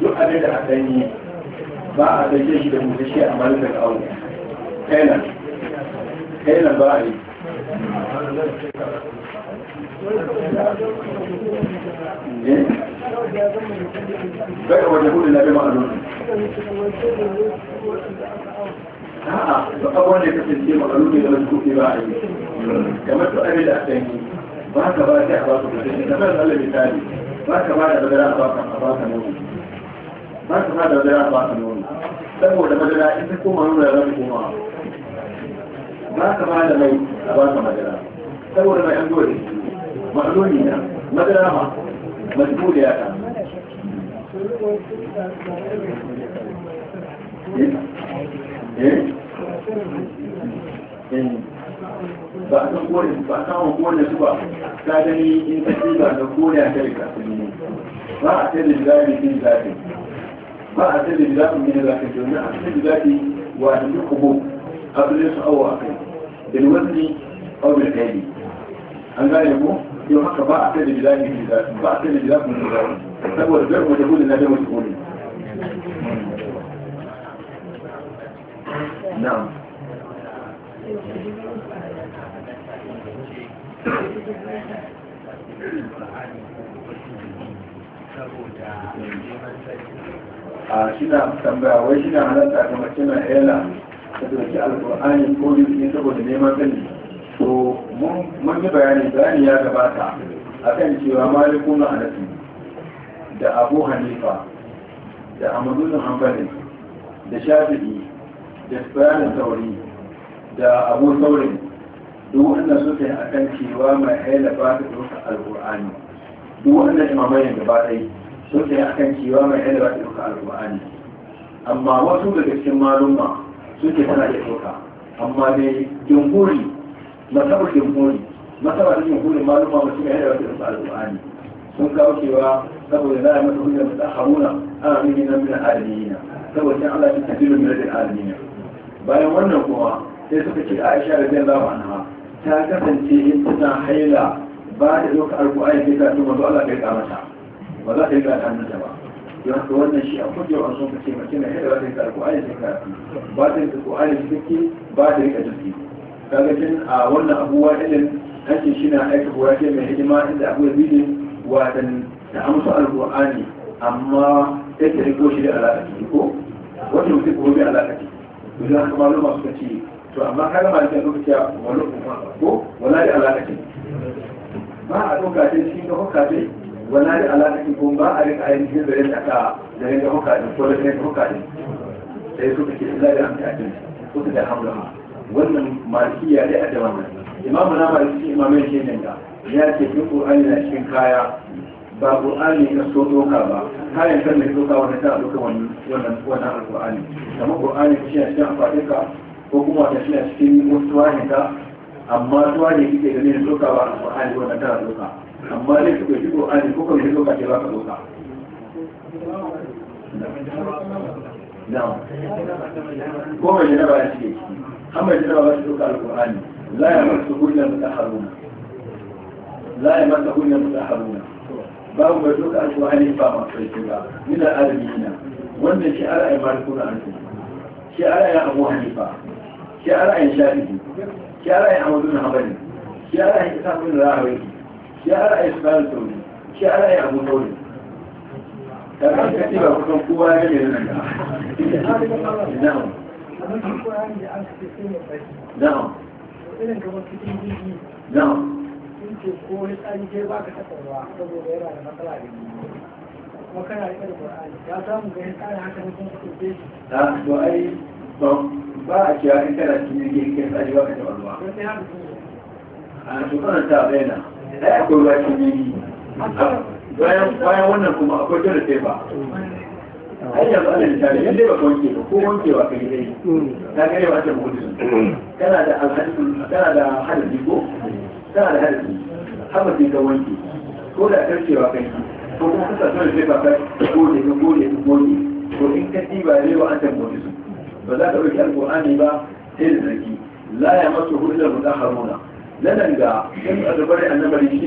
duk abin da a yi ba a gaje shi da mutashi a malikar aure kainan kainan ba a yi eh? bai ga wajen hudu na bai ma'anon a'a ba abuwan da kasance ma'anon ne da wasu kuɗi ba a yi kamar su abin da aka yi ba ka ba ka ba su kudi da nan Allah misali ba ba da madara ba ka ba ka nono ba ka ba da madara ba ka nono saboda madara in ta koma nono ya zama koma ba ka ba da mai a ba ka madara saboda mai an dole ma'anoni na madara ma majbuli ya ta eh eh ba a san kone su ba a samun kone su ba ta gani in ka ci ba a kai ka ne ba a sai da zafi din ba a sai da zafi din zafi a sai da zafi wa da duk kubo a bude su awo a kai da wani abu da kai an gane ko yau haka ba a sai da zafi din ba a sai da zafi din zafi saboda bai wata na da wata kone na'am a shida tambaya wai shida halatta ga mace ela ta doki alkur'ani ko ne saboda neman sani to mun yi bayani bayani ya gabata kan cewa maliku na hanafi da abu hanifa da amadu hanbali da shafi'i da bayanin tauri da abu saurin duk wanda suka a kan cewa mai haila ba ta duka alkur'ani duk wanda imamai da ba ɗai suka a kan cewa mai haila ba ta duka alkur'ani amma wasu daga cikin malumma suke tana iya duka amma dai jumhuri masabar jumhuri masabar da jumhurin malumma ba su mai haila ba ta duka alkur'ani sun kawo cewa saboda za a masa hujjar masa haruna ana nuni nan min alamina saboda shi Allah ya tafi min alamina bayan wannan kuma sai suka ce aisha da biyan lawa anha ta kasance in tana haila ba da doka alƙur'ani sai ta tuma zo Allah bai ka mata ba za ta yi gata hannunta ba don haka wannan shi a kujewa an sun kace mace mai haila ba ta yi alƙur'ani sai ka ba ta yi alƙur'ani cikakke ba ta yi kajafi kaga kin a wannan abubuwa ilin hancin shi na aika kura ce mai hidima inda abuwa da bidin watan ta amsa alƙur'ani amma sai ta riko shi da alaƙa ko wata mutum ko bi alaƙa ce. Bila haka malama suka ce to amma ka gama da lokaci a wani ko wala da alaka ce ba a doka ce cikin da hukka ce wala da alaka ce ko ba a rika shi da yin ka da yin da hukka ko da yin hukka ne sai su ce illa da amfani ce suka da hamdama wannan malikiya dai a da wannan imamu na maliki imamai ke nan da ya ce duk qur'ani na cikin kaya ba qur'ani ka so doka ba kayan kan ne doka wani ta doka wannan wannan qur'ani alqur'ani kamar qur'ani shi ne cikin fadika ko kuma wata suna cikin wasu ta amma tuwahin kike gani da doka ba alƙur'ani ko na tara doka amma dai ku ɗauki ƙur'ani ko kuma doka ce ba ka doka ko mai jaraba ya ciki an mai jaraba ba su doka alƙur'ani la ya masu hujjar mutaharuna la ya masu hujjar mutaharuna babu mai doka alƙur'ani ba masu rai ba ni da alimina wannan shi ala ya malikuna alƙur'ani shi ala ya abu hanifa shi a ra'ayin shafi'i shi a ra'ayin amadu na habari shi a ra'ayin isa bin shi a ra'ayin sukarar tauri shi a ra'ayin abu tauri da kan kasi ba kusan kowa ya gane nan na'am na'am na'am ko wani tsari ke ba ka saboda yana da matsala da da ya samu ga haka na ba a cewa in kana cikin yankin yankin tsari ba ka taɓa ruwa a shekarar ta bayyana da ya koyi bayan yanki bayan wannan kuma akwai dole sai ba ai yanzu ana misali in dai ba ka wanke ba ko wanke ba ka yi dai ta kai ba ta mutu kana da alhadin kana da hadisi ko kana da hadisi haka sai ka wanke ko da karcewa kai ko kuma kusa dole sai ba ka da ka gode ka gode ko in ka diba ne ba an ta mutu ba za ka ɗauki alƙur'ani ba sai da zargi la ya masu hulɗar mutaharuna lanan ga in azabar annabari shi